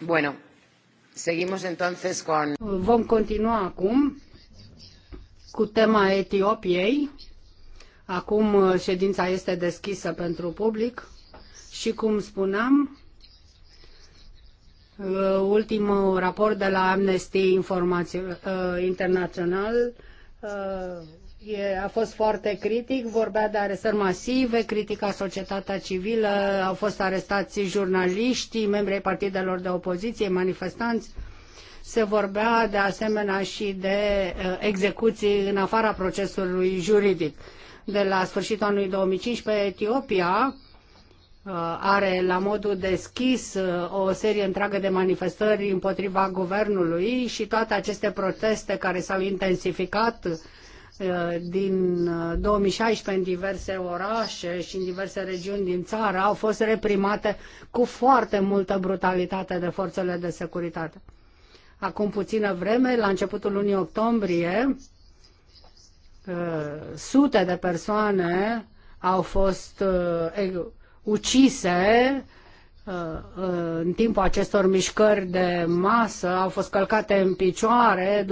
Bueno, seguimos entonces con... Vom continua acum cu tema Etiopiei. Acum uh, ședința este deschisă pentru public și, cum spuneam, uh, ultimul raport de la Amnesty uh, International a fost foarte critic, vorbea de arestări masive, critica societatea civilă, au fost arestați jurnaliștii, membrii partidelor de opoziție, manifestanți. Se vorbea de asemenea și de uh, execuții în afara procesului juridic. De la sfârșitul anului 2015, Etiopia uh, are la modul deschis uh, o serie întreagă de manifestări împotriva guvernului și toate aceste proteste care s-au intensificat Eh, din 2016 eh, în diverse orașe și în diverse regiuni din țară au fost reprimate cu foarte multă brutalitate de forțele de securitate. Acum puțină vreme, la începutul lunii octombrie, eh, sute de persoane au fost ucise în timpul acestor mișcări de masă, au fost călcate în picioare,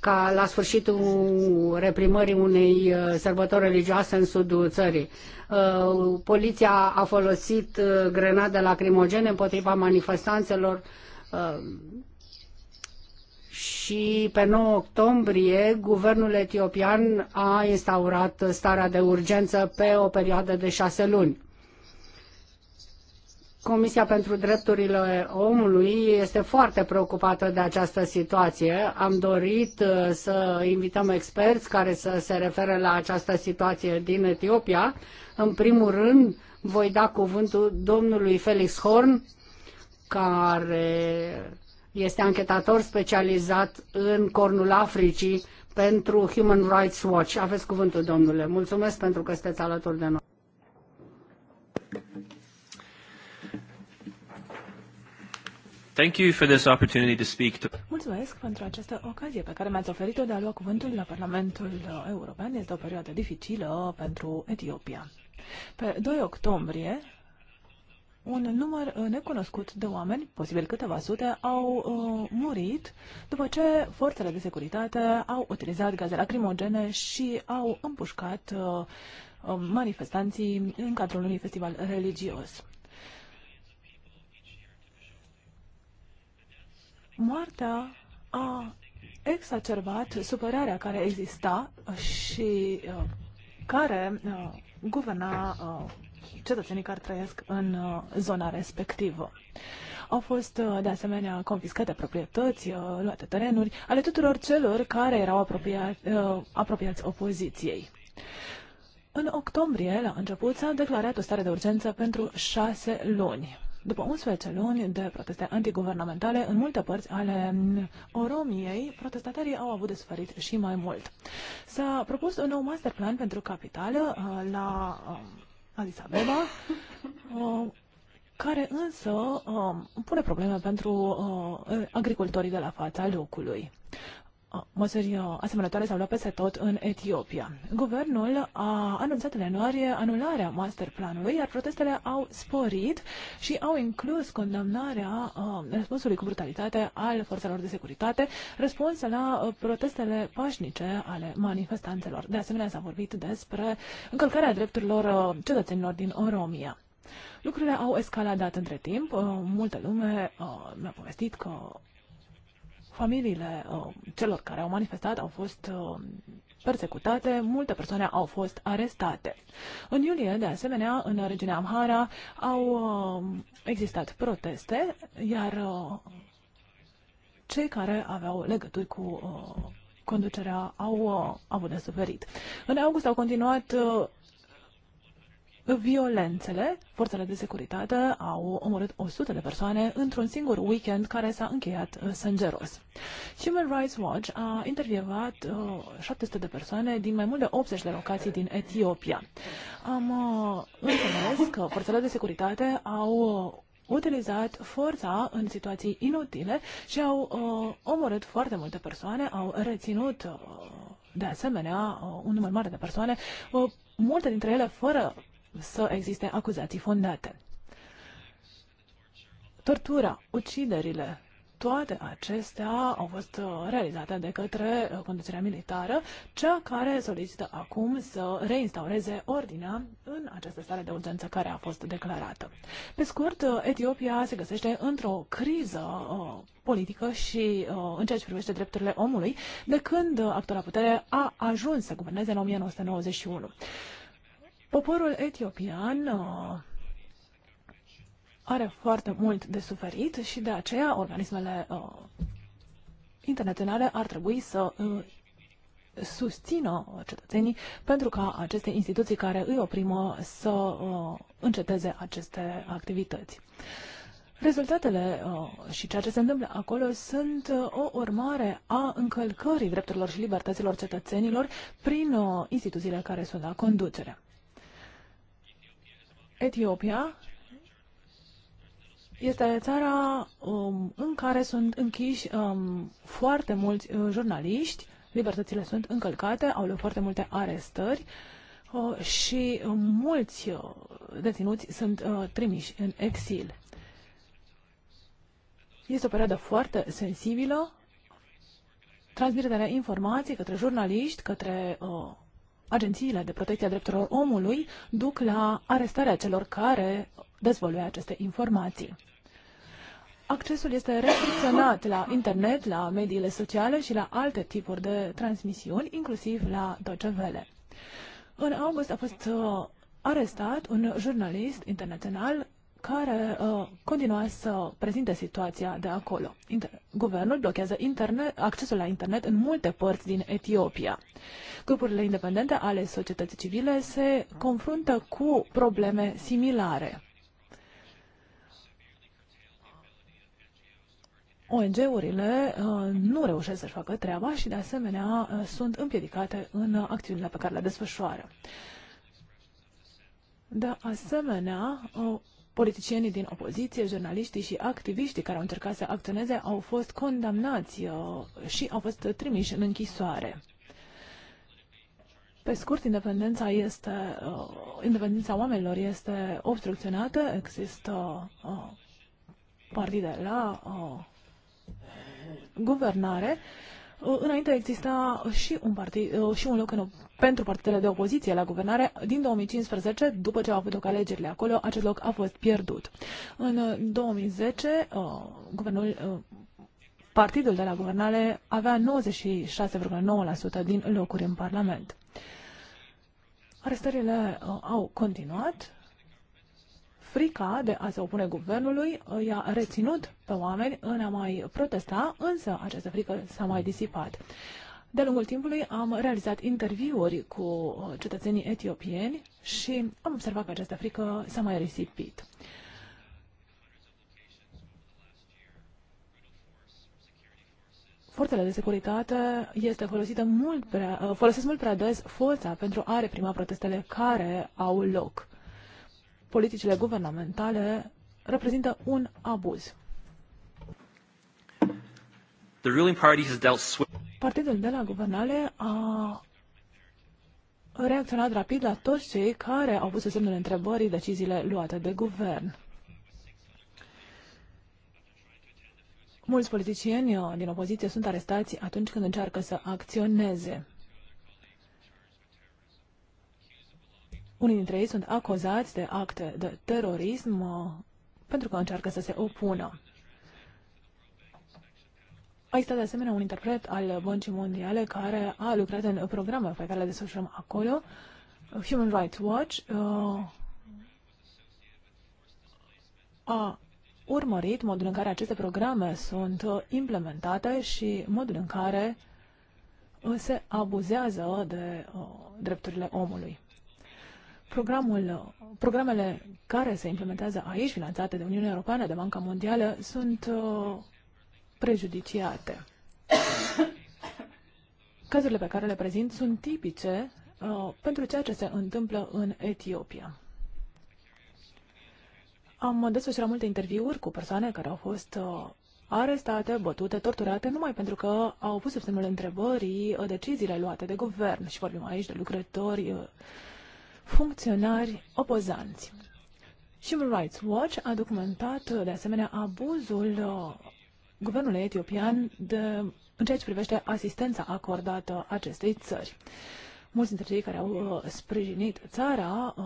ca la sfârșitul reprimării unei uh, sărbători religioase în sudul țării. Uh, poliția a folosit uh, grenade lacrimogene împotriva manifestanțelor și pe 9 octombrie guvernul etiopian a instaurat starea de urgență pe o perioadă de șase luni Comisia pentru Drepturile Omului este foarte preocupată de această situație. Am dorit uh, să invităm experți care să se refere la această situație din Etiopia. În primul rând, voi da cuvântul domnului Felix Horn, care este anchetator specializat în cornul Africii pentru Human Rights Watch. Aveți cuvântul, domnule. Mulțumesc pentru că sunteți alături de noi. Thank you for this opportunity to speak to... Mulțumesc pentru această ocazie pe care mi-ați oferit-o de a lua cuvântul la Parlamentul European. Este o perioadă dificilă pentru Etiopia. Pe 2 octombrie, un număr necunoscut de oameni, posibil câteva sute, au uh, murit după ce forțele de securitate au utilizat gaze lacrimogene și au împușcat uh, manifestanții în cadrul unui festival religios. Moartea a exacerbat supărarea care exista și uh, care uh, guverna uh, cetățenii care trăiesc în zona respectivă. Au fost, de asemenea, confiscate proprietăți, luate terenuri ale tuturor celor care erau apropiați, apropiați opoziției. În octombrie, la început, s-a declarat o stare de urgență pentru șase luni. După 11 luni de proteste antiguvernamentale în multe părți ale Oromiei, protestatarii au avut de suferit și mai mult. S-a propus un nou master plan pentru capitală uh, la um, Addis Abeba, uh, care însă um, pune probleme pentru uh, agricultorii de la fața locului măsuri uh, asemănătoare s-au luat peste tot în Etiopia. Guvernul a anunțat în ianuarie anularea masterplanului, iar protestele au sporit și au inclus condamnarea uh, răspunsului cu brutalitate al forțelor de securitate, răspuns la uh, protestele pașnice ale manifestanțelor. De asemenea, s-a vorbit despre încălcarea drepturilor cetățenilor din Oromia. Lucrurile au escaladat între timp. Multă lume mi-a povestit că Familiile uh, celor care au manifestat au fost uh, persecutate, multe persoane au fost arestate. În iulie, de asemenea, în regiunea Amhara au uh, existat proteste, iar cei care aveau legături cu conducerea au avut de suferit. În august au continuat violențele. Forțele de securitate au omorât 100 de persoane într-un singur weekend care s-a încheiat uh, sângeros. Human Rights Watch a intervievat 700 uh, de persoane din mai mult de 80 de locații din Etiopia. Am uh, înțeles că forțele de securitate au utilizat forța în situații inutile și au uh, omorât foarte multe persoane, au reținut uh, de asemenea uh, un număr mare de persoane, uh, multe dintre ele fără să existe acuzații fondate. Tortura, uciderile, toate acestea au fost uh, realizate de către uh, conducerea militară, cea care solicită acum să reinstaureze ordinea în această stare de urgență care a fost declarată. Pe scurt, uh, Etiopia se găsește într-o criză politică și în ceea ce privește drepturile omului, de când actuala putere a ajuns să guverneze în 1991. Poporul etiopian uh, are foarte mult de suferit și de aceea organismele uh, internaționale ar trebui să uh, susțină cetățenii pentru ca aceste instituții care îi oprimă să înceteze aceste activități. Rezultatele și ceea ce se întâmplă acolo sunt o urmare a încălcării drepturilor și libertăților cetățenilor prin instituțiile care sunt la conducere. Etiopia este țara um, în care sunt închiși um, foarte mulți uh, jurnaliști, libertățile sunt încălcate, au loc foarte multe arestări uh, și uh, mulți uh, deținuți sunt uh, trimiși în exil. Este o perioadă foarte sensibilă. Transmiterea informației către jurnaliști, către uh, agențiile de protecție a drepturilor omului duc la arestarea celor care dezvoluie aceste informații. Accesul este restricționat la internet, la mediile sociale și la alte tipuri de transmisiuni, inclusiv la Deutsche În august a fost uh, arestat un jurnalist internațional care uh, continuă să prezinte situația de acolo. Inter- Guvernul blochează internet, accesul la internet în multe părți din Etiopia. Grupurile independente ale societății civile se confruntă cu probleme similare. ONG-urile uh, nu reușesc să-și facă treaba și, de asemenea, uh, sunt împiedicate în uh, acțiunile pe care le desfășoară. De asemenea, uh, politicienii din opoziție, jurnaliștii și activiștii care au încercat să acționeze au fost condamnați uh, și au fost trimiși în închisoare. Pe scurt, independența, este, uh, independența oamenilor este obstrucționată, există uh, partide la guvernare Înainte exista și un, partid, uh, și un loc în, pentru partidele de opoziție la guvernare. Din 2015, după ce au avut loc alegerile acolo, acest loc a fost pierdut. În 2010, uh, uh, guvernul partidul de la guvernare avea 96,9% din locuri în Parlament. Arestările au continuat frica de a se opune guvernului uh, i-a reținut pe oameni în a mai protesta, însă această frică s-a mai disipat. de lungul timpului am realizat interviuri cu uh, cetățenii etiopieni și am observat că această frică s-a mai risipit. forțele de securitate este folosită mult prea, uh, folosesc mult prea des forța pentru a reprima protestele care au loc politicile guvernamentale reprezintă un abuz. The ruling party has dealt Partidul de la guvernare a reacționat rapid la toți cei care au pus semnul întrebării deciziile luate de guvern. Mulți politicieni uh, din opoziție sunt arestați atunci când încearcă să acționeze. Unii dintre ei sunt acuzați de acte de terorism uh, pentru că încearcă să se opună. A existat de asemenea un interpret al Băncii Mondiale care a lucrat în programele pe care le desfășurăm acolo, Human Rights Watch, uh, a urmărit modul în care aceste programe sunt uh, implementate și modul în care se abuzează de drepturile omului. Programul, programele care se implementează aici, finanțate de Uniunea Europeană, de Banca Mondială, sunt uh, prejudiciate. Cazurile pe care le prezint sunt tipice uh, pentru ceea ce se întâmplă în Etiopia. Am desfășurat multe interviuri cu persoane care au fost uh, arestate, bătute, torturate, numai pentru că au pus sub semnul întrebării deciziile luate de guvern. Și vorbim aici de lucrători funcționari opozanți. Human Rights Watch a documentat de asemenea abuzul uh, guvernului etiopian de, în ceea ce privește asistența acordată acestei țări. Mulți dintre cei care au uh, sprijinit țara uh,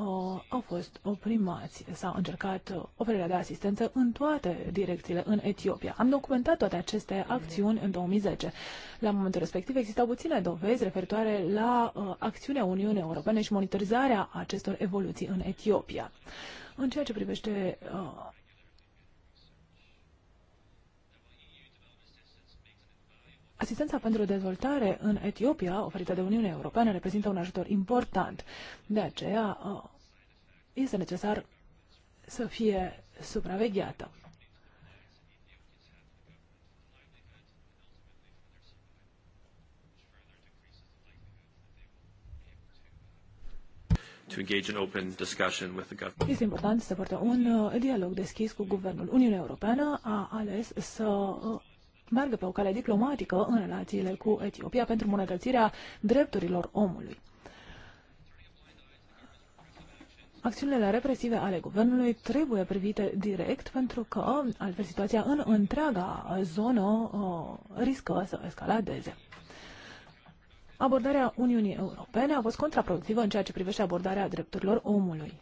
au fost oprimați. S-a încercat uh, oferirea de asistență în toate direcțiile în Etiopia. Am documentat toate aceste acțiuni în 2010. La momentul respectiv existau puține dovezi referitoare la acțiunea Uniunii Europene și monitorizarea acestor evoluții în Etiopia. În ceea ce privește uh, Asistența pentru dezvoltare în Etiopia, oferită de Uniunea Europeană, reprezintă un ajutor important. De aceea uh, este necesar să fie supravegheată. Este important să poartă un uh, dialog deschis cu guvernul. Uniunea Europeană a ales să uh, meargă pe o cale diplomatică în relațiile cu Etiopia pentru îmbunătățirea drepturilor omului. Acțiunile represive ale guvernului trebuie privite direct pentru că altfel situația în întreaga zonă uh, riscă să escaladeze. Abordarea Uniunii Europene a fost contraproductivă în ceea ce privește abordarea drepturilor omului.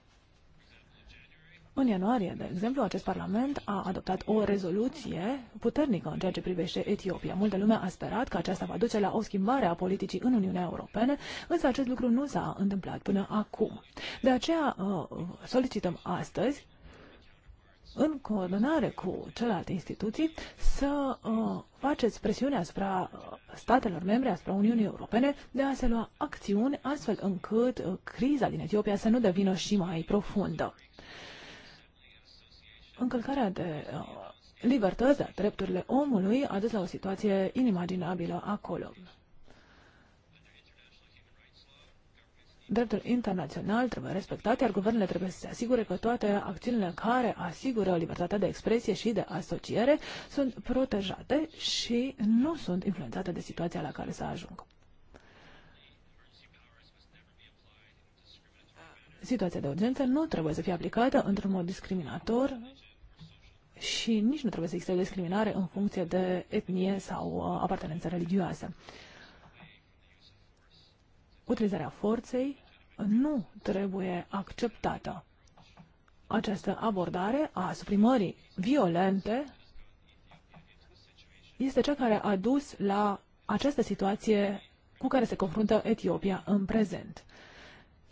În ianuarie, de exemplu, acest Parlament a adoptat o rezoluție puternică în ceea ce privește Etiopia. Multă lume a sperat că aceasta va duce la o schimbare a politicii în Uniunea Europeană, însă acest lucru nu s-a întâmplat până acum. De aceea uh, solicităm astăzi, în coordonare cu celelalte instituții, să uh, faceți presiune asupra statelor membre, asupra Uniunii Europene, de a se lua acțiuni astfel încât uh, criza din Etiopia să nu devină și mai profundă încălcarea de uh, libertăți, de drepturile omului, a dus la o situație inimaginabilă acolo. Dreptul internațional trebuie respectat, iar guvernele trebuie să se asigure că toate acțiunile care asigură libertatea de expresie și de asociere sunt protejate și nu sunt influențate de situația la care să ajung. Situația de urgență nu trebuie să fie aplicată într-un mod discriminator și nici nu trebuie să existe o discriminare în funcție de etnie sau uh, apartenență religioasă. Utilizarea forței nu trebuie acceptată. Această abordare a suprimării violente este cea care a dus la această situație cu care se confruntă Etiopia în prezent.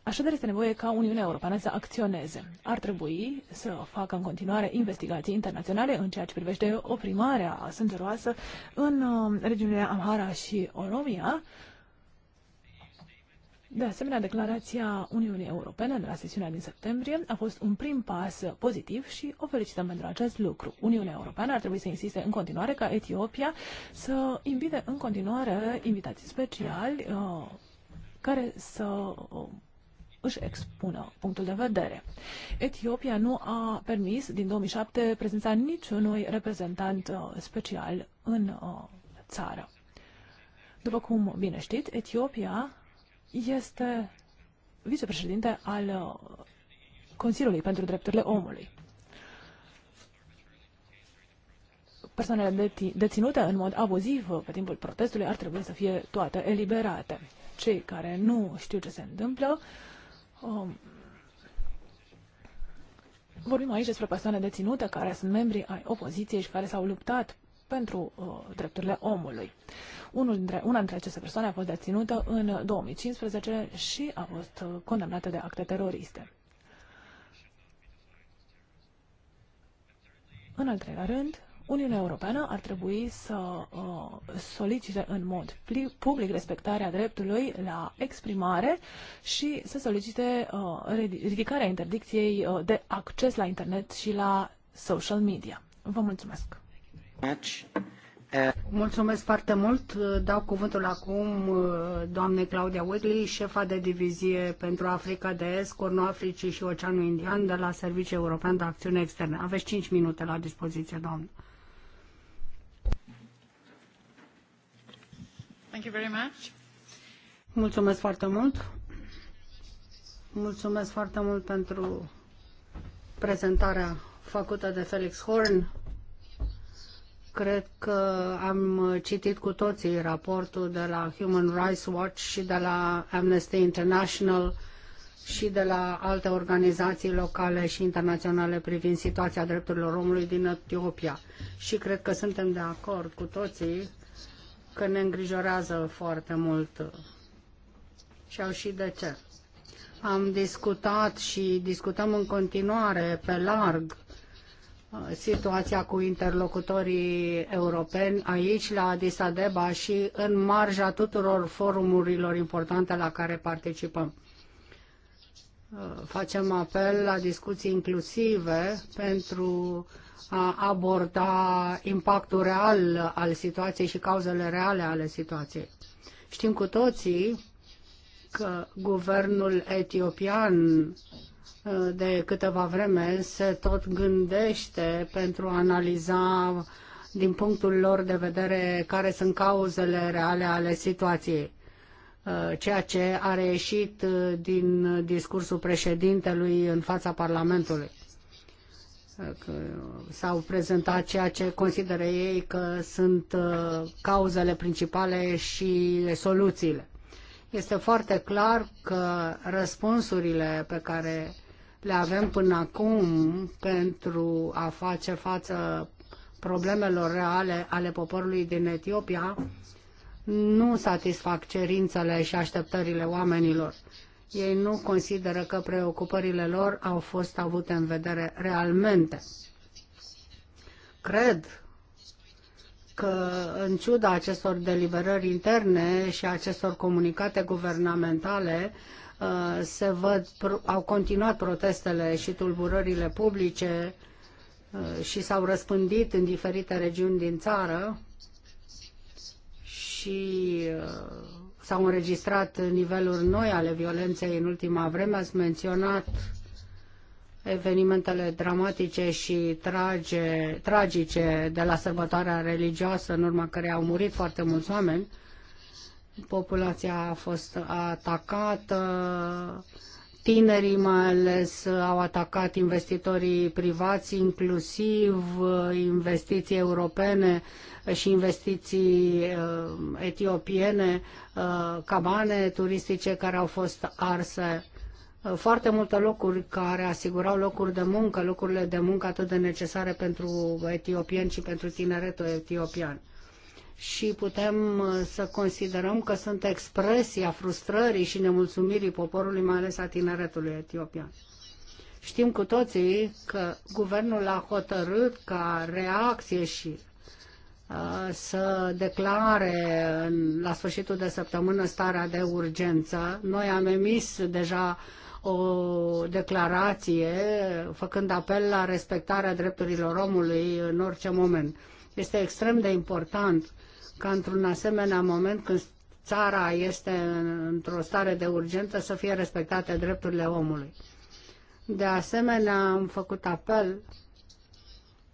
Așadar, este nevoie ca Uniunea Europeană să acționeze. Ar trebui să facă în continuare investigații internaționale în ceea ce privește oprimarea sângeroasă în um, regiunile Amhara și Oromia. De asemenea, declarația Uniunii Europene de la sesiunea din septembrie a fost un prim pas pozitiv și o felicităm pentru acest lucru. Uniunea Europeană ar trebui să insiste în continuare ca Etiopia să invite în continuare invitații speciali uh, care să uh, își expună punctul de vedere. Etiopia nu a permis din 2007 prezența niciunui reprezentant uh, special în uh, țară. După cum bine știți, Etiopia este vicepreședinte al uh, Consiliului pentru Drepturile Omului. Persoanele deținute în mod abuziv pe timpul protestului ar trebui să fie toate eliberate. Cei care nu știu ce se întâmplă Um, vorbim aici despre persoane deținute care sunt membri ai opoziției și care s-au luptat pentru uh, drepturile omului. Unul dintre, una dintre aceste persoane a fost deținută în 2015 și a fost uh, condamnată de acte teroriste. În al treilea rând, Uniunea Europeană ar trebui să uh, solicite în mod public respectarea dreptului la exprimare și să solicite uh, ridicarea interdicției uh, de acces la internet și la social media. Vă mulțumesc! Mulțumesc foarte mult. Dau cuvântul acum uh, doamnei Claudia Wigley, șefa de divizie pentru Africa de Est, Cornul Africii și Oceanul Indian de la Serviciul European de Acțiune Externe. Aveți 5 minute la dispoziție, doamnă. Mulțumesc foarte mult. Mulțumesc foarte mult pentru prezentarea făcută de Felix Horn. Cred că am citit cu toții raportul de la Human Rights Watch și de la Amnesty International și de la alte organizații locale și internaționale privind situația drepturilor omului din Etiopia. Și cred că suntem de acord cu toții că ne îngrijorează foarte mult și au și de ce. Am discutat și discutăm în continuare pe larg situația cu interlocutorii europeni aici la Addis Abeba și în marja tuturor forumurilor importante la care participăm. Facem apel la discuții inclusive pentru uh, a aborda impactul real al situației și cauzele reale ale situației. Știm cu toții că guvernul etiopian uh, de câteva vreme se tot gândește pentru a analiza din punctul lor de vedere care sunt cauzele reale ale situației. Uh, ceea ce a reieșit uh, din discursul președintelui în fața Parlamentului s-au prezentat ceea ce consideră ei că sunt uh, cauzele principale și soluțiile. Este foarte clar că răspunsurile pe care le avem până acum pentru a face față problemelor reale ale poporului din Etiopia nu satisfac cerințele și așteptările oamenilor. Ei nu consideră că preocupările lor au fost avute în vedere realmente. Cred că, în ciuda acestor deliberări interne și acestor comunicate guvernamentale, uh, se văd, au continuat protestele și tulburările publice uh, și s-au răspândit în diferite regiuni din țară și uh, s-au înregistrat niveluri noi ale violenței în ultima vreme. Ați menționat evenimentele dramatice și trage, tragice de la sărbătoarea religioasă, în urma care au murit foarte mulți oameni. Populația a fost atacată, Tinerii mai ales au atacat investitorii privați, inclusiv uh, investiții europene și investiții uh, etiopiene, uh, cabane turistice care au fost arse foarte multe locuri care asigurau locuri de muncă, locurile de muncă atât de necesare pentru etiopieni și pentru tineretul etiopian și putem uh, să considerăm că sunt expresia frustrării și nemulțumirii poporului, mai ales a tineretului etiopian. Știm cu toții că guvernul a hotărât ca reacție și uh, să declare la sfârșitul de săptămână starea de urgență. Noi am emis deja o declarație făcând apel la respectarea drepturilor omului în orice moment. Este extrem de important ca într-un asemenea moment când țara este într-o stare de urgență să fie respectate drepturile omului. De asemenea, am făcut apel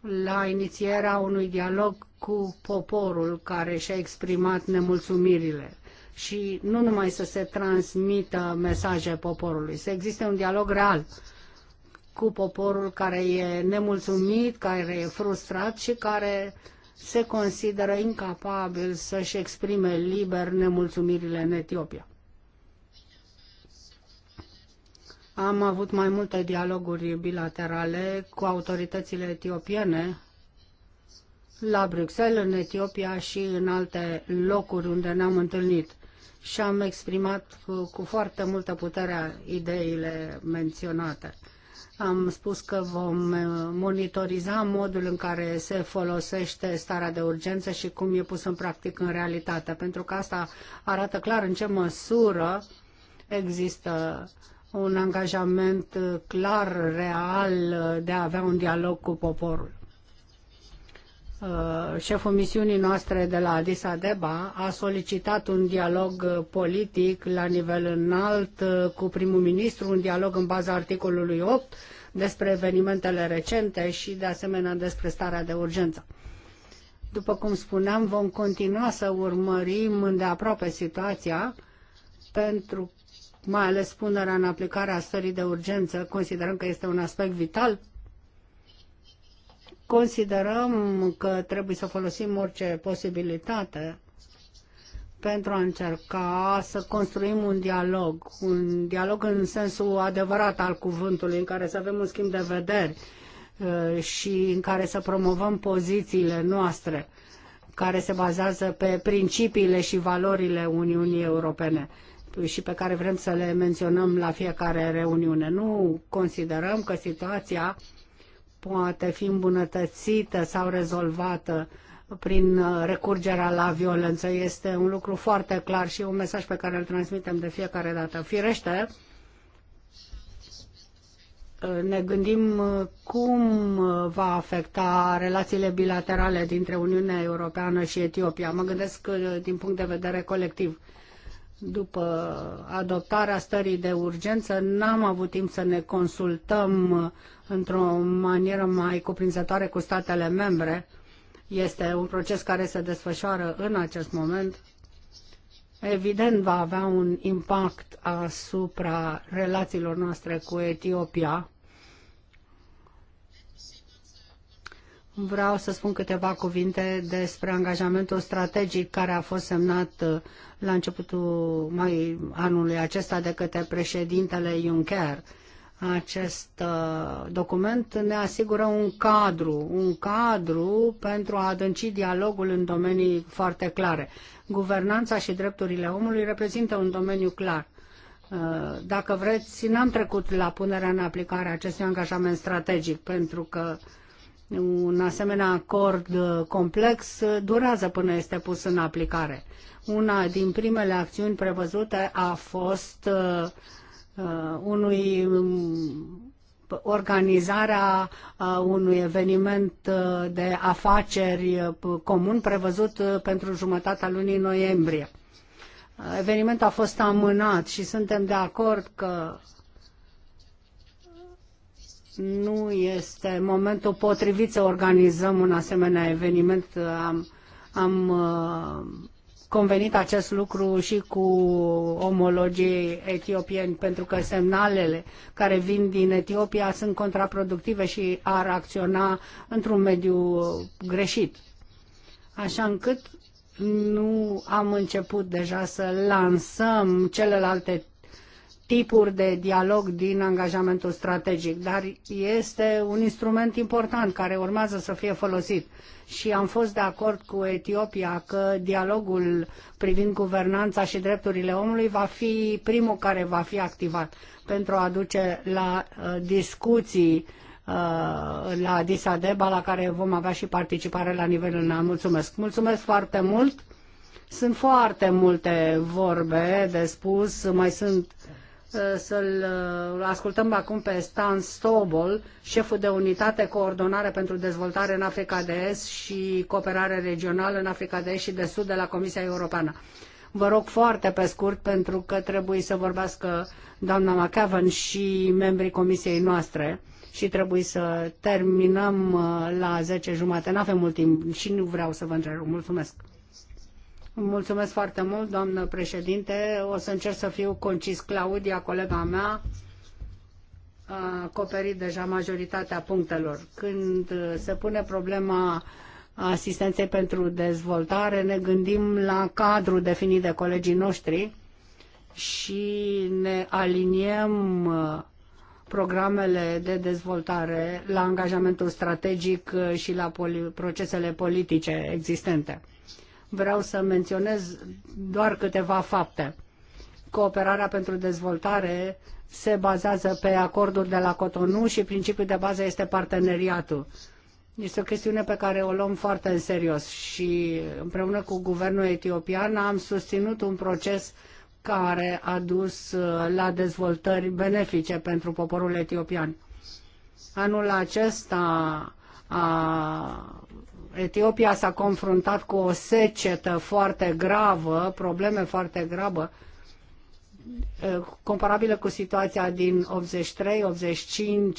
la inițierea unui dialog cu poporul care și-a exprimat nemulțumirile și nu numai să se transmită mesaje poporului, să existe un dialog real cu poporul care e nemulțumit, care e frustrat și care uh, se consideră incapabil să-și exprime liber nemulțumirile în Etiopia. Am avut mai multe dialoguri bilaterale cu autoritățile etiopiene la Bruxelles, în Etiopia și în alte locuri unde ne-am întâlnit și am exprimat cu, cu foarte multă putere ideile menționate. Am spus că vom eh, monitoriza modul în care se folosește starea de urgență și cum e pus în practic în realitate, pentru că asta arată clar în ce măsură există un angajament clar, real, de a avea un dialog cu poporul. Uh, șeful misiunii noastre de la Addis Abeba a solicitat un dialog uh, politic la nivel înalt uh, cu primul ministru, un dialog în baza articolului 8 despre evenimentele recente și de asemenea despre starea de urgență. După cum spuneam, vom continua să urmărim îndeaproape situația pentru mai ales punerea în aplicare a stării de urgență, considerăm că este un aspect vital Considerăm că trebuie să folosim orice posibilitate pentru a încerca să construim un dialog, un dialog în sensul adevărat al cuvântului, în care să avem un schimb de vederi uh, și în care să promovăm pozițiile noastre care se bazează pe principiile și valorile Uniunii Europene și pe care vrem să le menționăm la fiecare reuniune. Nu considerăm că situația poate fi îmbunătățită sau rezolvată prin uh, recurgerea la violență. Este un lucru foarte clar și un mesaj pe care îl transmitem de fiecare dată. Firește, uh, ne gândim uh, cum va afecta relațiile bilaterale dintre Uniunea Europeană și Etiopia. Mă gândesc din punct de vedere colectiv după adoptarea stării de urgență, n-am avut timp să ne consultăm uh, într-o manieră mai cuprinzătoare cu statele membre. Este un proces care se desfășoară în acest moment. Evident, va avea un impact asupra relațiilor noastre cu Etiopia Vreau să spun câteva cuvinte despre angajamentul strategic care a fost semnat uh, la începutul mai anului acesta de către președintele Juncker. Acest uh, document ne asigură un cadru, un cadru pentru a adânci dialogul în domenii foarte clare. Guvernanța și drepturile omului reprezintă un domeniu clar. Uh, dacă vreți, n-am trecut la punerea în aplicare a acestui angajament strategic, pentru că un asemenea acord complex durează până este pus în aplicare. Una din primele acțiuni prevăzute a fost uh, uh unui um, organizarea uh, unui eveniment uh, de afaceri comun prevăzut pentru jumătatea lunii noiembrie. Evenimentul a fost amânat și suntem de acord că nu este momentul potrivit să organizăm un asemenea eveniment. Am, am uh, convenit acest lucru și cu omologii etiopieni, pentru că semnalele care vin din Etiopia sunt contraproductive și ar acționa într-un mediu greșit. Așa încât nu am început deja să lansăm celelalte tipuri de dialog din angajamentul strategic, dar este un instrument important care urmează să fie folosit. Și am fost de acord cu Etiopia că dialogul privind guvernanța și drepturile omului va fi primul care va fi activat pentru a aduce la uh, discuții uh, la Addis Abeba, la care vom avea și participare la nivel înalt. Mulțumesc! Mulțumesc foarte mult! Sunt foarte multe vorbe de spus, mai sunt Eh, să-l eh, ascultăm acum pe Stan Stobol, șeful de unitate coordonare pentru dezvoltare în Africa de Est și cooperare regională în Africa de Est și de Sud de la Comisia Europeană. Vă rog foarte pe scurt, pentru că trebuie să vorbească doamna McAvan și membrii comisiei noastre și trebuie să terminăm eh, la 10 jumate. N-avem mult timp și nu vreau să vă întrerup. Mulțumesc! Mulțumesc foarte mult, doamnă președinte. O să încerc să fiu concis. Claudia, colega mea, a acoperit deja majoritatea punctelor. Când se pune problema asistenței pentru dezvoltare, ne gândim la cadrul definit de colegii noștri și ne aliniem programele de dezvoltare la angajamentul strategic și la procesele politice existente vreau să menționez doar câteva fapte. Cooperarea pentru dezvoltare se bazează pe acordul de la Cotonou și principiul de bază este parteneriatul. Este o chestiune pe care o luăm foarte în serios și împreună cu guvernul etiopian am susținut un proces care a dus uh, la dezvoltări benefice pentru poporul etiopian. Anul acesta a Etiopia s-a confruntat cu o secetă foarte gravă, probleme foarte grave, comparabilă cu situația din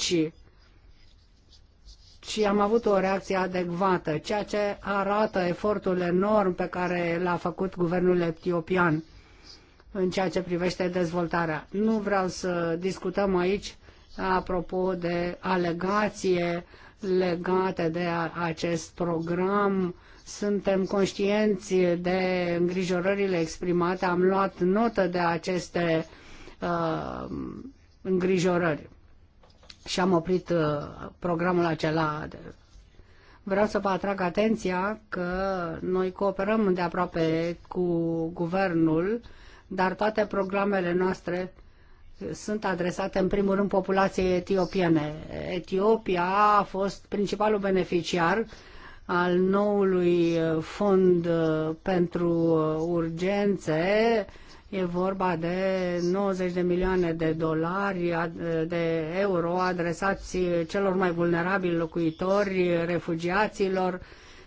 83-85 și am avut o reacție adecvată, ceea ce arată efortul enorm pe care l-a făcut guvernul etiopian în ceea ce privește dezvoltarea. Nu vreau să discutăm aici apropo de alegație legate de acest program. Suntem conștienți de îngrijorările exprimate, am luat notă de aceste uh, îngrijorări și am oprit uh, programul acela. Vreau să vă atrag atenția că noi cooperăm de aproape cu guvernul, dar toate programele noastre sunt adresate în primul rând populației etiopiene. Etiopia a fost principalul beneficiar al noului uh, fond uh, pentru uh, urgențe. E vorba de 90 de milioane de dolari, de euro adresați celor mai vulnerabili locuitori, refugiaților,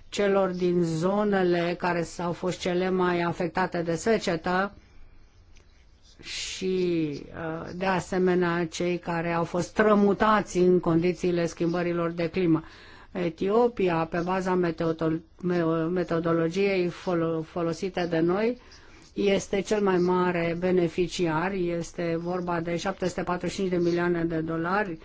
celor din zonele care s-au fost cele mai afectate de secetă și uh, de asemenea cei care au fost strămutați în condițiile schimbărilor de climă. Etiopia, pe baza metodologiei folosite de noi, este cel mai mare beneficiar, este vorba de 745 de milioane de dolari,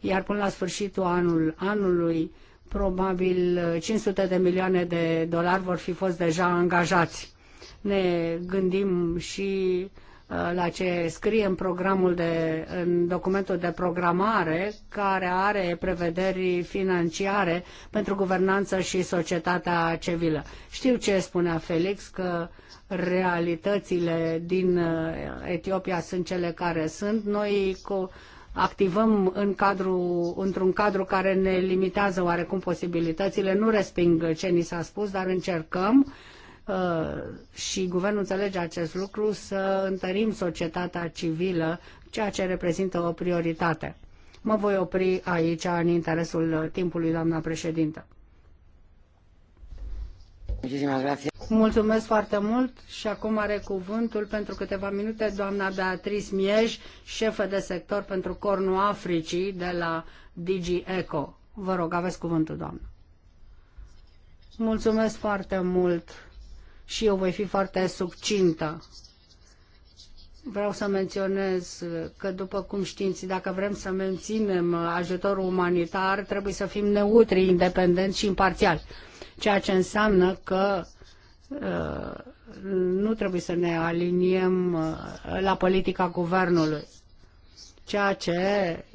iar până la sfârșitul anul, anului, probabil 500 de milioane de dolari vor fi fost deja angajați. Ne gândim și uh, Uh, la ce scrie în programul de, în documentul de programare care are prevederi financiare pentru guvernanță și societatea civilă. Știu ce spunea Felix că realitățile din uh, Etiopia sunt cele care sunt. Noi cu activăm în cadru, într-un cadru care ne limitează oarecum posibilitățile. Nu resping ce ni s-a spus, dar încercăm uh, Uh, și guvernul înțelege acest lucru, să întărim societatea civilă, ceea ce reprezintă o prioritate. Mă voi opri aici în interesul timpului, doamna președintă. Mulțumesc foarte mult și acum are cuvântul pentru câteva minute doamna Beatrice Miej, șefă de sector pentru Cornul Africii de la Digi Eco. Vă rog, aveți cuvântul, doamnă. Mulțumesc foarte mult, și eu voi fi foarte succintă. Vreau să menționez că, după cum știți, dacă vrem să menținem ajutorul umanitar, trebuie să fim neutri, independenți și imparțiali, ceea ce înseamnă că uh, nu trebuie să ne aliniem uh, la politica guvernului, ceea ce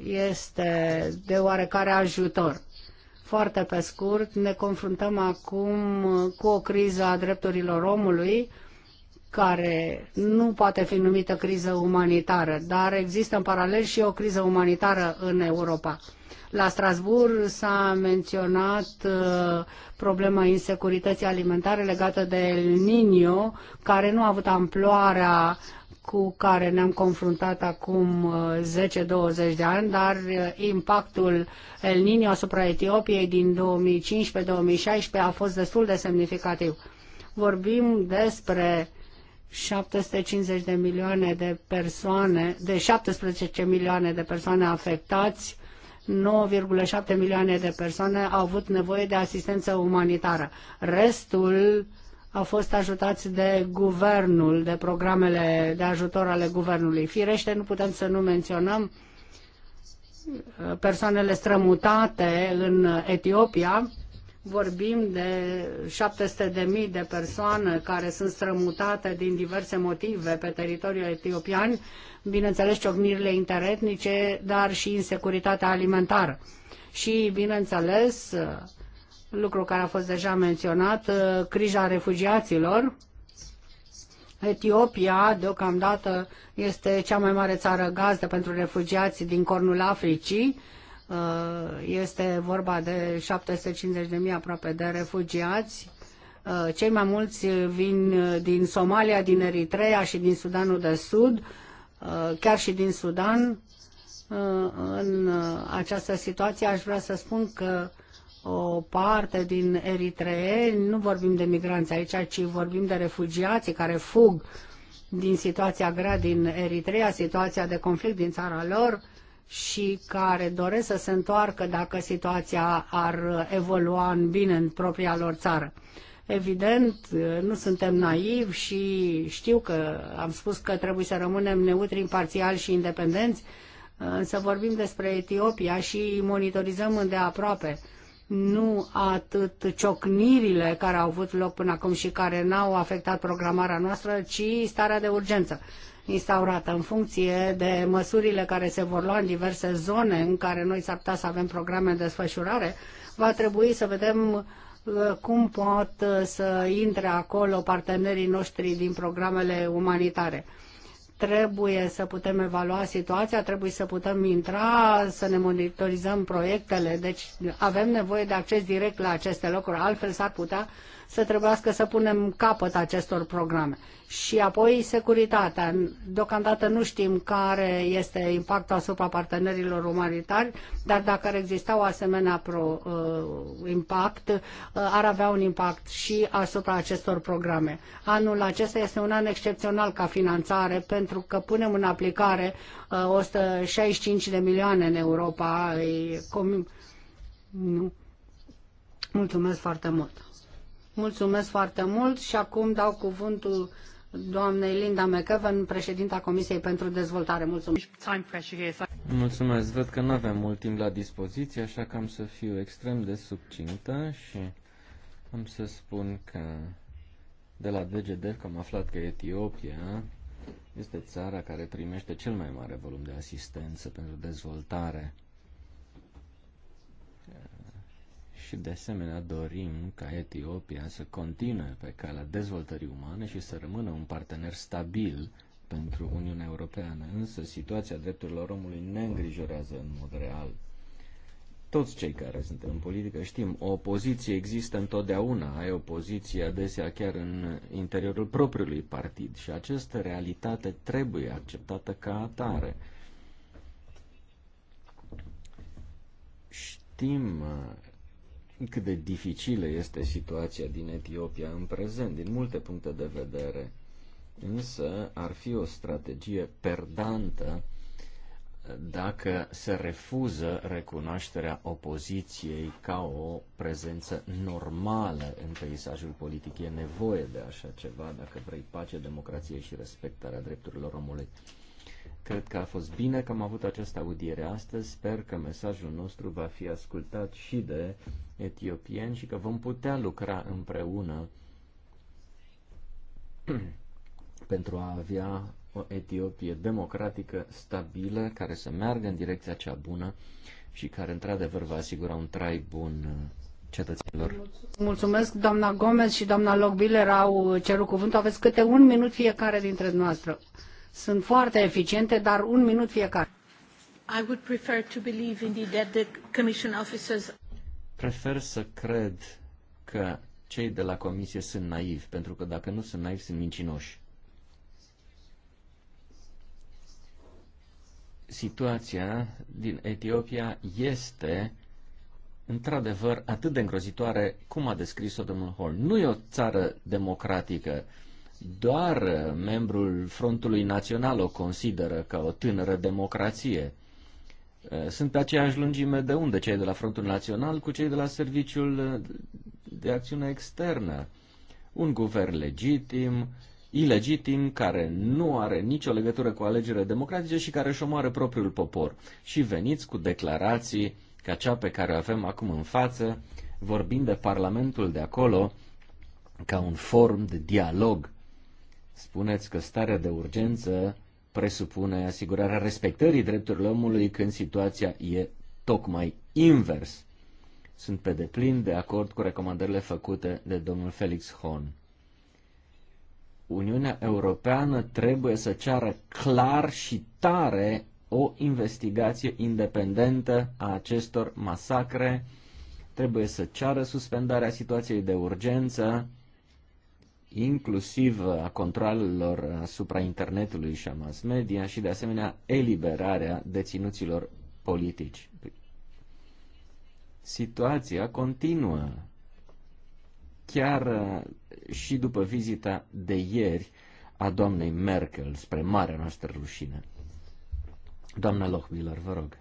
este de oarecare ajutor. Foarte pe scurt, ne confruntăm acum cu o criză a drepturilor omului, care nu poate fi numită criză umanitară, dar există în paralel și o criză umanitară în Europa. La Strasbourg s-a menționat uh, problema insecurității alimentare legată de El Niño, care nu a avut amploarea cu care ne-am confruntat acum 10-20 uh, de ani, dar uh, impactul El Niño asupra Etiopiei din 2015-2016 a fost destul de semnificativ. Vorbim despre 750 de milioane de persoane, de 17 milioane de persoane afectați 9,7 milioane de persoane au avut nevoie de asistență umanitară. Restul au fost ajutați de guvernul, de programele de ajutor ale guvernului. Firește, nu putem să nu menționăm uh, persoanele strămutate în Etiopia. Vorbim de 700.000 de persoane care sunt strămutate din diverse motive pe teritoriul etiopian, bineînțeles ciocnirile interetnice, dar și insecuritatea alimentară. Și, bineînțeles, uh, lucru care a fost deja menționat, uh, criza refugiaților. Etiopia, deocamdată, este cea mai mare țară gazdă pentru refugiați din cornul Africii. Uh, este vorba de 750.000 aproape de refugiați. Uh, cei mai mulți vin din Somalia, din Eritrea și din Sudanul de Sud, chiar și din Sudan. În această situație aș vrea să spun că o parte din eritreeni, nu vorbim de migranți aici, ci vorbim de refugiații care fug din situația grea din Eritrea, situația de conflict din țara lor și care doresc să se întoarcă dacă situația ar evolua în bine în propria lor țară. Evident, nu suntem naivi și știu că am spus că trebuie să rămânem neutri, imparțiali și independenți, însă vorbim despre Etiopia și monitorizăm îndeaproape aproape nu atât ciocnirile care au avut loc până acum și care n-au afectat programarea noastră, ci starea de urgență instaurată în funcție de măsurile care se vor lua în diverse zone în care noi s-ar putea să avem programe de desfășurare, va trebui să vedem uh, cum pot uh, să intre acolo partenerii noștri din programele umanitare trebuie să putem evalua situația, trebuie să putem intra, să ne monitorizăm proiectele. Deci avem nevoie de acces direct la aceste locuri, altfel s-ar putea să trebuiască să punem capăt acestor programe. Și apoi securitatea. Deocamdată nu știm care este impactul asupra partenerilor umanitari, dar dacă ar exista o asemenea pro, uh, impact, uh, ar avea un impact și asupra acestor programe. Anul acesta este un an excepțional ca finanțare pentru că punem în aplicare uh, 165 de milioane în Europa. E, com... nu. Mulțumesc foarte mult! Mulțumesc foarte mult și acum dau cuvântul doamnei Linda McEwen, președinta Comisiei pentru Dezvoltare. Mulțumesc. Mulțumesc. Văd că nu avem mult timp la dispoziție, așa că am să fiu extrem de subcintă și am să spun că de la DGDF am aflat că Etiopia este țara care primește cel mai mare volum de asistență pentru dezvoltare și de asemenea dorim ca Etiopia să continue pe calea dezvoltării umane și să rămână un partener stabil pentru Uniunea Europeană, însă situația drepturilor omului ne îngrijorează în mod real. Toți cei care suntem în politică știm, o opoziție există întotdeauna, ai opoziție adesea chiar în interiorul propriului partid și această realitate trebuie acceptată ca atare. Știm cât de dificilă este situația din Etiopia în prezent, din multe puncte de vedere. Însă ar fi o strategie perdantă eh, dacă se refuză recunoașterea opoziției ca o prezență normală în peisajul politic. E nevoie de așa ceva dacă vrei pace, democrație și respectarea drepturilor omului. Cred că a fost bine că am avut această audiere astăzi. Sper că mesajul nostru va fi ascultat și de etiopieni și că vom putea lucra împreună pentru a avea o Etiopie democratică, stabilă, care să meargă în direcția cea bună și care, într-adevăr, va asigura un trai bun uh, cetățenilor. Mulțumesc, doamna Gomez și doamna Logbiller au cerut cuvântul. Aveți câte un minut fiecare dintre noastre sunt foarte eficiente, dar un minut fiecare. I would prefer to believe indeed that the commission officers Prefer să cred că cei de la comisie sunt naivi, pentru că dacă nu sunt naivi, sunt mincinoși. Situația din Etiopia este într-adevăr atât de îngrozitoare cum a descris-o domnul Hall. Nu e o țară democratică. Uh, doar membrul Frontului Național o consideră ca o tânără democrație. Eh, sunt pe aceeași lungime de unde cei de la Frontul Național cu cei de la Serviciul de Acțiune Externă. Un guvern legitim, ilegitim, care nu are nicio legătură cu alegerile democratice și care își omoară propriul popor. Și veniți cu declarații ca cea pe care o avem acum în față, vorbind de Parlamentul de acolo ca un form de dialog spuneți că starea de urgență presupune asigurarea respectării drepturilor omului când situația e tocmai invers. Sunt pe deplin de acord cu recomandările făcute de domnul Felix Hon. Uniunea Europeană trebuie să ceară clar și tare o investigație independentă a acestor masacre, trebuie să ceară suspendarea situației de urgență, inclusiv a controlelor asupra internetului și a mass media și de asemenea eliberarea deținuților politici. Situația continuă chiar uh, și după vizita de ieri a doamnei Merkel spre marea noastră rușine. Doamna Lochmiller, vă rog.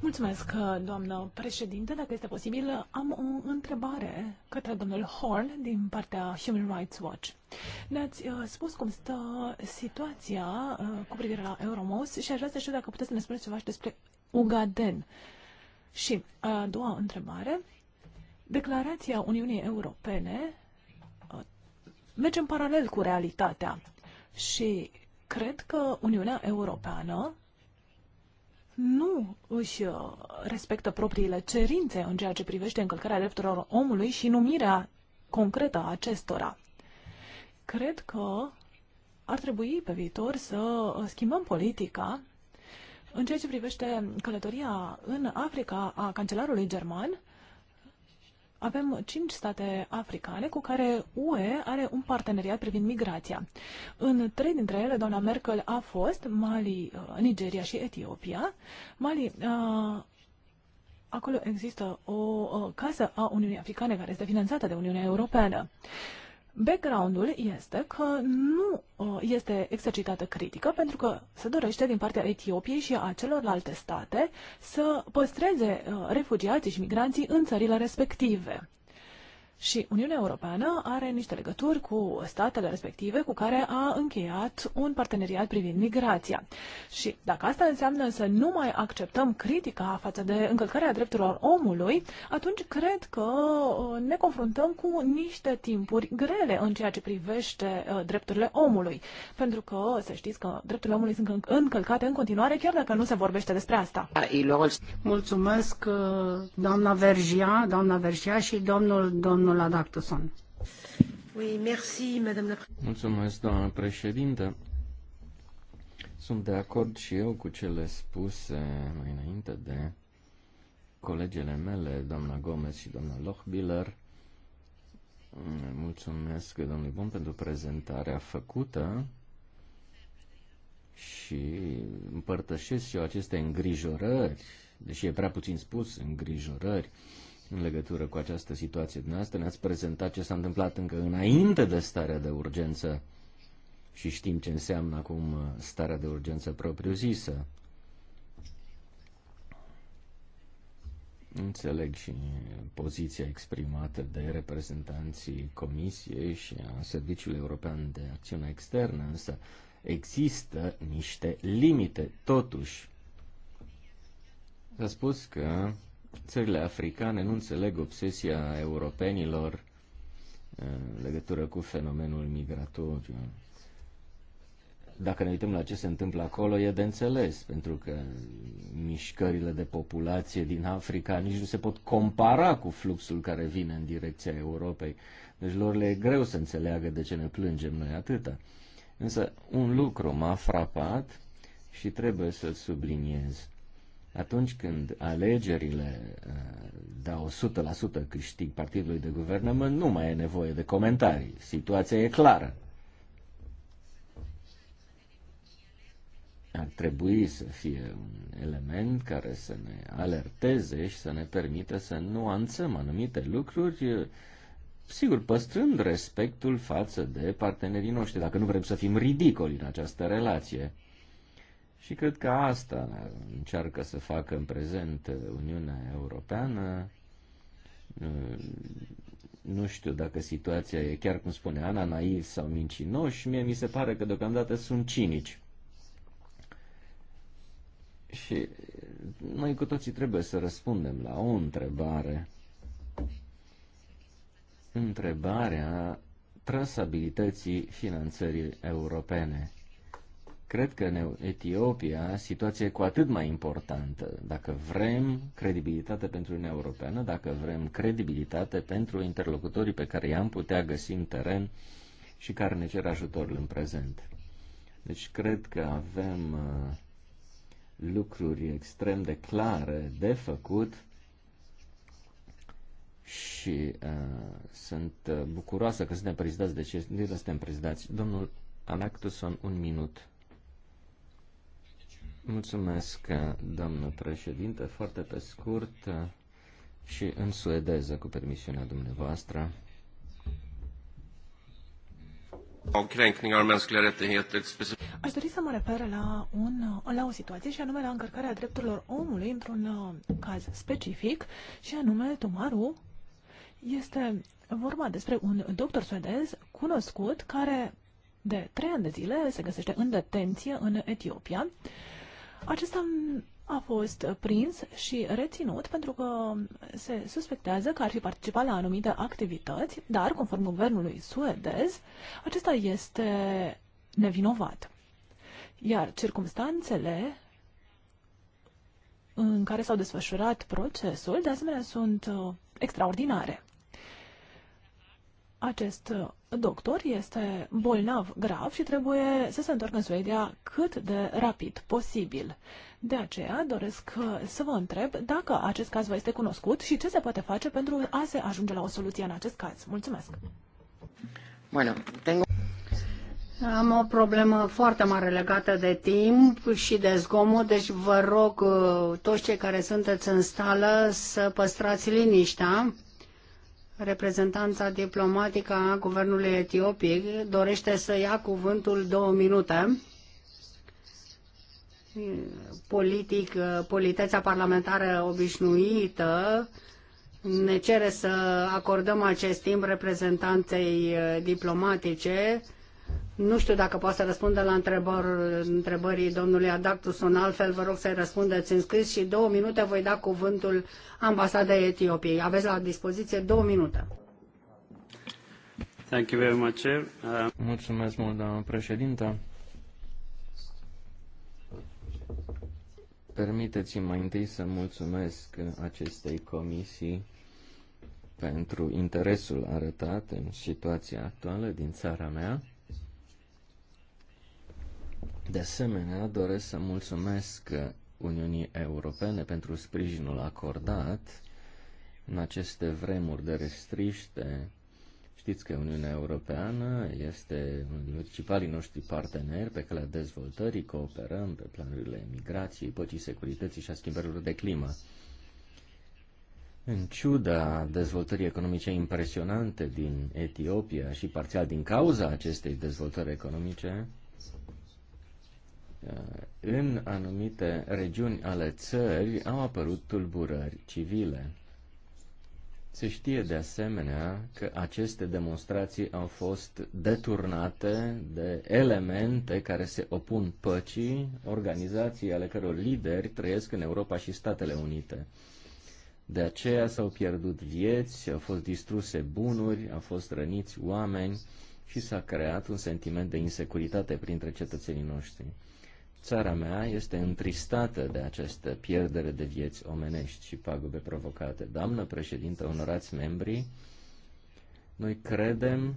Mulțumesc, doamnă președinte. Dacă este posibil, am o întrebare către domnul Horn din partea Human Rights Watch. Ne-ați uh, spus cum stă situația uh, cu privire la Euromos și aș vrea să știu dacă puteți să ne spuneți ceva și despre Ugaden. Și uh, a uh, doua întrebare, declarația Uniunii Europene uh, merge în paralel cu realitatea și cred că Uniunea Europeană nu își uh, respectă propriile cerințe în ceea ce privește încălcarea drepturilor omului și numirea concretă a acestora. Cred că ar trebui pe viitor să uh, schimbăm politica în ceea ce privește călătoria în Africa a cancelarului german, avem cinci state africane cu care UE are un parteneriat privind migrația. În trei dintre ele, doamna Merkel a fost, Mali, uh, Nigeria și Etiopia. Mali, uh, acolo există o uh, casă a Uniunii Africane care este finanțată de Uniunea Europeană. Background-ul este că nu uh, este exercitată critică pentru că se dorește din partea Etiopiei și a celorlalte state să păstreze uh, refugiații și migranții în țările respective. Și Uniunea Europeană are niște legături cu statele respective cu care a încheiat un parteneriat privind migrația. Și dacă asta înseamnă să nu mai acceptăm critica față de încălcarea drepturilor omului, atunci cred că uh, ne confruntăm cu niște timpuri grele în ceea ce privește uh, drepturile omului. Pentru că să știți că drepturile omului sunt încălcate în continuare, chiar dacă nu se vorbește despre asta. Mulțumesc, uh, doamna Vergia, doamna Vergia și domnul, domnul domnul Adactuson. Mulțumesc, doamnă președinte. Sunt de acord și eu cu cele spuse mai înainte de colegele mele, doamna Gomez și doamna Lochbiller. Mulțumesc domnului Bun pentru prezentarea făcută și împărtășesc și eu aceste îngrijorări, deși e prea puțin spus, îngrijorări în legătură cu această situație. Dumneavoastră ne-ați prezentat ce s-a întâmplat încă înainte de starea de urgență și știm ce înseamnă acum uh, starea de urgență propriu-zisă. Înțeleg și poziția exprimată de reprezentanții Comisiei și a Serviciului European de Acțiune Externă, însă există niște limite. Totuși, s-a spus că Țările africane nu înțeleg obsesia europenilor eh, în legătură cu fenomenul migratoriu. Dacă ne uităm la ce se întâmplă acolo, e de înțeles, pentru că mișcările de populație din Africa nici nu se pot compara cu fluxul care vine în direcția Europei. Deci lor le e greu să înțeleagă de ce ne plângem noi atâta. Însă un lucru m-a frapat și trebuie să-l subliniez. Atunci când alegerile uh, dau 100% câștig partidului de guvernământ, nu mai e nevoie de comentarii. Situația e clară. ar trebui să fie un element care să ne alerteze și să ne permită să nuanțăm anumite lucruri, uh, sigur, păstrând respectul față de partenerii noștri, dacă nu vrem să fim ridicoli în această relație. Și cred că asta încearcă să facă în prezent Uniunea Europeană. Nu știu dacă situația e chiar cum spune Ana, naiv sau mincinoși. Mie mi se pare că deocamdată sunt cinici. Și noi cu toții trebuie să răspundem la o întrebare. Întrebarea trasabilității finanțării europene. Cred că în Etiopia situația e cu atât mai importantă. Dacă vrem credibilitate pentru Uniunea Europeană, dacă vrem credibilitate pentru interlocutorii pe care i-am putea găsi în teren și care ne cer ajutorul în prezent. Deci cred că avem uh, lucruri extrem de clare de făcut și uh, sunt uh, bucuroasă că suntem prezidați de ce suntem prezidați. Domnul Anactuson, un minut. Mulțumesc, doamnă președinte. Foarte pe scurt și în suedeză, cu permisiunea dumneavoastră. Aș dori să mă refer la, un, la o situație și anume la încărcarea drepturilor omului într-un uh, caz specific și anume Tomaru este vorba despre un doctor suedez cunoscut care de trei ani de zile se găsește în detenție în Etiopia acesta a fost prins și reținut pentru că se suspectează că ar fi participat la anumite activități, dar, conform guvernului suedez, acesta este nevinovat. Iar circumstanțele în care s-au desfășurat procesul, de asemenea, sunt uh, extraordinare acest uh, doctor este bolnav grav și trebuie să se întoarcă în Suedia cât de rapid posibil. De aceea doresc uh, să vă întreb dacă acest caz vă este cunoscut și ce se poate face pentru a se ajunge la o soluție în acest caz. Mulțumesc! Bueno, tengo... Am o problemă foarte mare legată de timp și de zgomot, deci vă rog uh, toți cei care sunteți în stală să păstrați liniștea reprezentanța diplomatică a guvernului etiopic dorește să ia cuvântul două minute. Politic, politețea parlamentară obișnuită ne cere să acordăm acest timp reprezentanței diplomatice nu știu dacă poate să răspundă la întrebări, întrebării domnului sau altfel vă rog să-i răspundeți în scris și două minute voi da cuvântul ambasadei Etiopiei. Aveți la dispoziție două minute. Thank you very much, Uh... Mulțumesc mult, doamnă președintă. Permiteți-mi mai întâi să mulțumesc acestei comisii pentru interesul arătat în situația actuală din țara mea. De asemenea, doresc să mulțumesc Uniunii Europene pentru sprijinul acordat în aceste vremuri de restriște. Știți că Uniunea Europeană este unul din principalii noștri parteneri pe calea dezvoltării, cooperăm pe planurile migrației, păcii, securității și a schimbărilor de climă. În ciuda dezvoltării economice impresionante din Etiopia și parțial din cauza acestei dezvoltări economice, Uh, în anumite regiuni ale țări au apărut tulburări civile. Se știe de asemenea că aceste demonstrații au fost deturnate de elemente care se opun păcii, organizații ale căror lideri trăiesc în Europa și Statele Unite. De aceea s-au pierdut vieți, au fost distruse bunuri, au fost răniți oameni și s-a creat un sentiment de insecuritate printre cetățenii noștri. Țara mea este întristată de această pierdere de vieți omenești și pagube provocate. Doamnă președintă, onorați membri, noi credem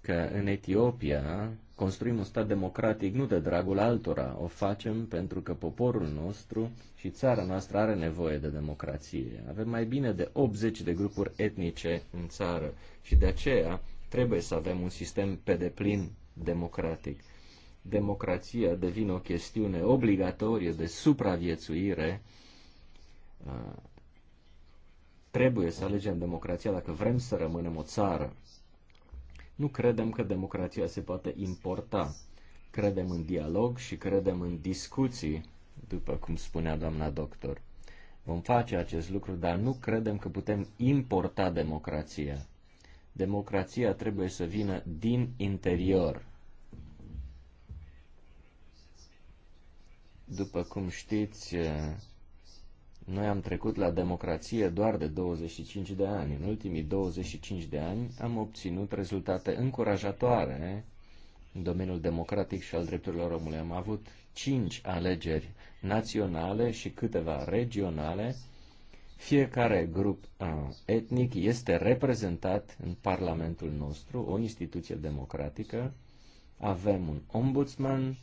că în Etiopia construim un stat democratic nu de dragul altora, o facem pentru că poporul nostru și țara noastră are nevoie de democrație. Avem mai bine de 80 de grupuri etnice în țară și de aceea trebuie să avem un sistem pe deplin democratic democrația devine o chestiune obligatorie de supraviețuire, uh, trebuie să alegem democrația dacă vrem să rămânem o țară. Nu credem că democrația se poate importa. Credem în dialog și credem în discuții, după cum spunea doamna doctor. Vom face acest lucru, dar nu credem că putem importa democrația. Democrația trebuie să vină din interior, După cum știți, eh, noi am trecut la democrație doar de 25 de ani. În ultimii 25 de ani am obținut rezultate încurajatoare în domeniul democratic și al drepturilor omului. Am avut cinci alegeri naționale și câteva regionale. Fiecare grup eh, etnic este reprezentat în Parlamentul nostru, o instituție democratică. Avem un ombudsman,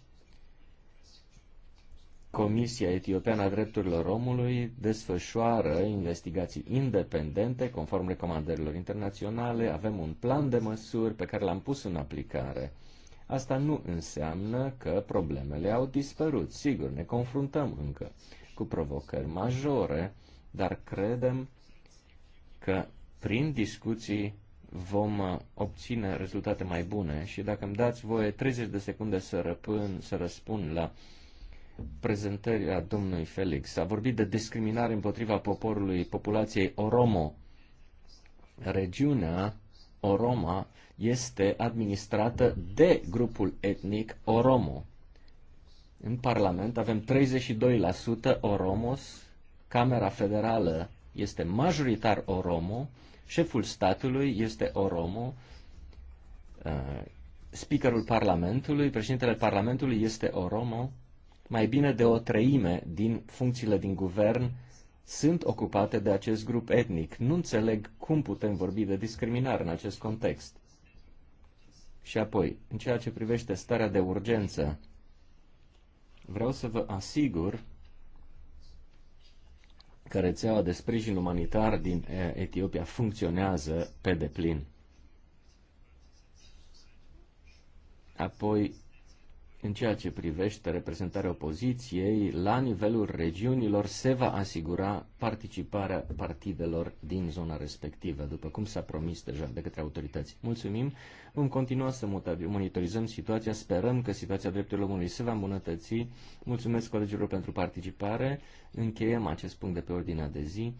Comisia Etiopeană a Drepturilor Omului desfășoară investigații independente conform recomandărilor internaționale. Avem un plan de măsuri pe care l-am pus în aplicare. Asta nu înseamnă că problemele au dispărut. Sigur, ne confruntăm încă cu provocări majore, dar credem că prin discuții vom obține rezultate mai bune. Și dacă îmi dați voie 30 de secunde să, răpân, să răspund la prezentării a domnului Felix. A vorbit de discriminare împotriva poporului, populației Oromo. Regiunea Oroma este administrată de grupul etnic Oromo. În Parlament avem 32% Oromos, Camera Federală este majoritar Oromo, șeful statului este Oromo, uh, speakerul Parlamentului, președintele Parlamentului este Oromo mai bine de o treime din funcțiile din guvern sunt ocupate de acest grup etnic. Nu înțeleg cum putem vorbi de discriminare în acest context. Și apoi, în ceea ce privește starea de urgență, vreau să vă asigur că rețeaua de sprijin umanitar din Etiopia funcționează pe deplin. Apoi, în ceea ce privește reprezentarea opoziției, la nivelul regiunilor se va asigura participarea partidelor din zona respectivă, după cum s-a promis deja de către autorități. Mulțumim, vom continua să monitorizăm situația, sperăm că situația drepturilor omului se va îmbunătăți. Mulțumesc colegilor pentru participare, încheiem acest punct de pe ordinea de zi.